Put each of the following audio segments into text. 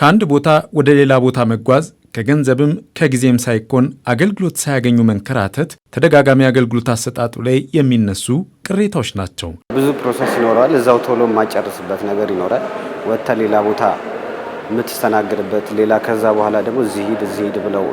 ከአንድ ቦታ ወደ ሌላ ቦታ መጓዝ ከገንዘብም ከጊዜም ሳይኮን አገልግሎት ሳያገኙ መንከራተት ተደጋጋሚ አገልግሎት አሰጣጡ ላይ የሚነሱ ቅሬታዎች ናቸው። ብዙ ፕሮሰስ ይኖረዋል። እዛው ቶሎ የማጨርስበት ነገር ይኖራል። ወጥተ ሌላ ቦታ የምትስተናግድበት ሌላ ከዛ በኋላ ደግሞ እዚህ ሂድ እዚህ ሂድ ብለው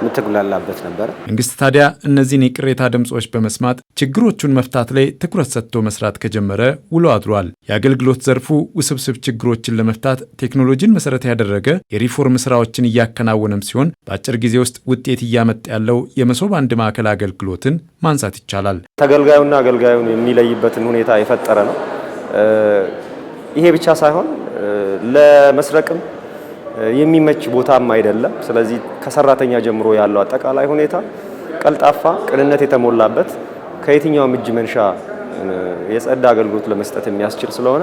የምትጉላላበት ነበር። መንግስት ታዲያ እነዚህን የቅሬታ ድምፆች በመስማት ችግሮቹን መፍታት ላይ ትኩረት ሰጥቶ መስራት ከጀመረ ውሎ አድሯል። የአገልግሎት ዘርፉ ውስብስብ ችግሮችን ለመፍታት ቴክኖሎጂን መሰረት ያደረገ የሪፎርም ስራዎችን እያከናወነም ሲሆን በአጭር ጊዜ ውስጥ ውጤት እያመጣ ያለው የመሶብ አንድ ማዕከል አገልግሎትን ማንሳት ይቻላል። ተገልጋዩና አገልጋዩን የሚለይበትን ሁኔታ የፈጠረ ነው። ይሄ ብቻ ሳይሆን ለመስረቅም የሚመች ቦታም አይደለም። ስለዚህ ከሰራተኛ ጀምሮ ያለው አጠቃላይ ሁኔታ ቀልጣፋ፣ ቅንነት የተሞላበት ከየትኛውም እጅ መንሻ የጸዳ አገልግሎት ለመስጠት የሚያስችል ስለሆነ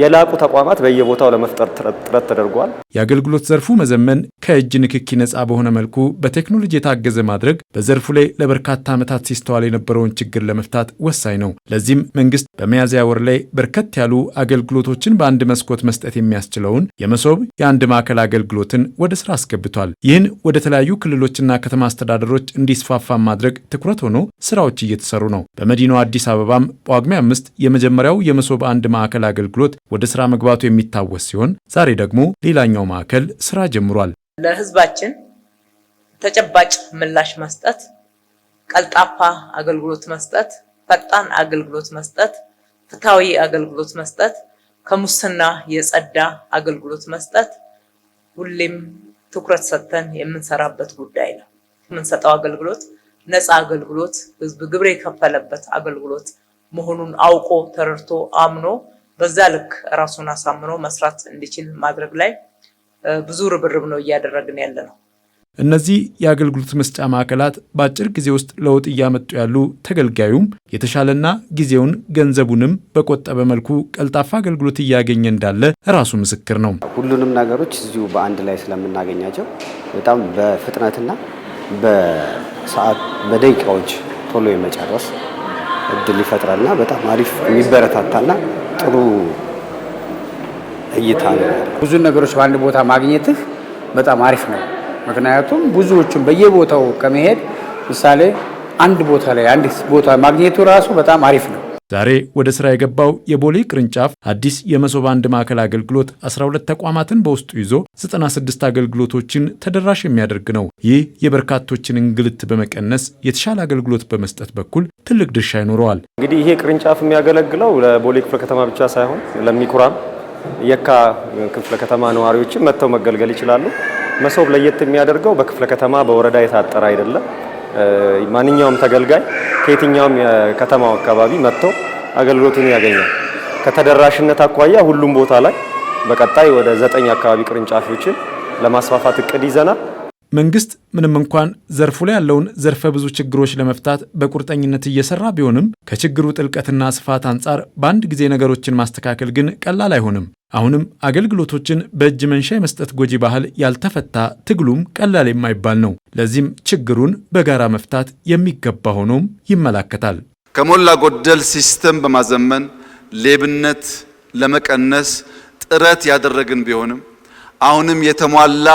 የላቁ ተቋማት በየቦታው ለመፍጠር ጥረት ተደርጓል። የአገልግሎት ዘርፉ መዘመን ከእጅ ንክኪ ነጻ በሆነ መልኩ በቴክኖሎጂ የታገዘ ማድረግ በዘርፉ ላይ ለበርካታ ዓመታት ሲስተዋል የነበረውን ችግር ለመፍታት ወሳኝ ነው። ለዚህም መንግስት በሚያዝያ ወር ላይ በርከት ያሉ አገልግሎቶችን በአንድ መስኮት መስጠት የሚያስችለውን የመሶብ የአንድ ማዕከል አገልግሎትን ወደ ስራ አስገብቷል። ይህን ወደ ተለያዩ ክልሎችና ከተማ አስተዳደሮች እንዲስፋፋ ማድረግ ትኩረት ሆኖ ስራዎች እየተሰሩ ነው። በመዲናዋ አዲስ አበባም ጳጉሜ አምስት የመጀመሪያው የመሶብ አንድ ማዕከል አገልግሎት ወደ ስራ መግባቱ የሚታወስ ሲሆን ዛሬ ደግሞ ሌላኛው ማዕከል ስራ ጀምሯል። ለህዝባችን ተጨባጭ ምላሽ መስጠት፣ ቀልጣፋ አገልግሎት መስጠት፣ ፈጣን አገልግሎት መስጠት፣ ፍትሃዊ አገልግሎት መስጠት፣ ከሙስና የጸዳ አገልግሎት መስጠት ሁሌም ትኩረት ሰጥተን የምንሰራበት ጉዳይ ነው። የምንሰጠው አገልግሎት ነፃ አገልግሎት፣ ህዝብ ግብር የከፈለበት አገልግሎት መሆኑን አውቆ ተረድቶ አምኖ በዛ ልክ ራሱን አሳምኖ መስራት እንዲችል ማድረግ ላይ ብዙ ርብርብ ነው እያደረግን ያለ ነው። እነዚህ የአገልግሎት መስጫ ማዕከላት በአጭር ጊዜ ውስጥ ለውጥ እያመጡ ያሉ ተገልጋዩም የተሻለና ጊዜውን ገንዘቡንም በቆጠበ መልኩ ቀልጣፋ አገልግሎት እያገኘ እንዳለ ራሱ ምስክር ነው። ሁሉንም ነገሮች እዚሁ በአንድ ላይ ስለምናገኛቸው በጣም በፍጥነትና በሰዓት በደቂቃዎች ቶሎ የመጨረስ እድል ይፈጥራልና በጣም አሪፍ የሚበረታታና ጥሩ እይታ ነው። ብዙ ነገሮች በአንድ ቦታ ማግኘትህ በጣም አሪፍ ነው። ምክንያቱም ብዙዎቹም በየቦታው ከመሄድ ምሳሌ አንድ ቦታ ላይ አንድ ቦታ ማግኘቱ ራሱ በጣም አሪፍ ነው። ዛሬ ወደ ሥራ የገባው የቦሌ ቅርንጫፍ አዲስ የመሶብ አንድ ማዕከል አገልግሎት 12 ተቋማትን በውስጡ ይዞ 96 አገልግሎቶችን ተደራሽ የሚያደርግ ነው። ይህ የበርካቶችን እንግልት በመቀነስ የተሻለ አገልግሎት በመስጠት በኩል ትልቅ ድርሻ ይኖረዋል። እንግዲህ ይሄ ቅርንጫፍ የሚያገለግለው ለቦሌ ክፍለ ከተማ ብቻ ሳይሆን ለሚኩራም፣ የካ ክፍለ ከተማ ነዋሪዎችን መጥተው መገልገል ይችላሉ። መሶብ ለየት የሚያደርገው በክፍለ ከተማ በወረዳ የታጠረ አይደለም። ማንኛውም ተገልጋይ ከየትኛውም የከተማው አካባቢ መጥተው አገልግሎቱን ያገኛል። ከተደራሽነት አኳያ ሁሉም ቦታ ላይ በቀጣይ ወደ ዘጠኝ አካባቢ ቅርንጫፎችን ለማስፋፋት እቅድ ይዘናል። መንግስት ምንም እንኳን ዘርፉ ላይ ያለውን ዘርፈ ብዙ ችግሮች ለመፍታት በቁርጠኝነት እየሰራ ቢሆንም ከችግሩ ጥልቀትና ስፋት አንጻር በአንድ ጊዜ ነገሮችን ማስተካከል ግን ቀላል አይሆንም። አሁንም አገልግሎቶችን በእጅ መንሻ የመስጠት ጎጂ ባህል ያልተፈታ፣ ትግሉም ቀላል የማይባል ነው። ለዚህም ችግሩን በጋራ መፍታት የሚገባ ሆኖም ይመላከታል። ከሞላ ጎደል ሲስተም በማዘመን ሌብነት ለመቀነስ ጥረት ያደረግን ቢሆንም አሁንም የተሟላ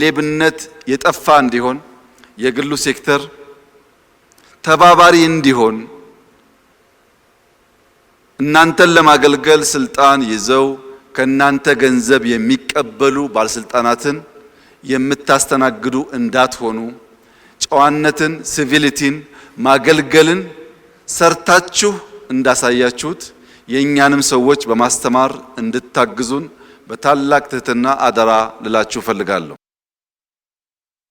ሌብነት የጠፋ እንዲሆን የግሉ ሴክተር ተባባሪ እንዲሆን እናንተን ለማገልገል ስልጣን ይዘው ከእናንተ ገንዘብ የሚቀበሉ ባለስልጣናትን የምታስተናግዱ እንዳትሆኑ ጨዋነትን፣ ሲቪሊቲን፣ ማገልገልን ሰርታችሁ እንዳሳያችሁት የእኛንም ሰዎች በማስተማር እንድታግዙን በታላቅ ትህትና አደራ ልላችሁ እፈልጋለሁ።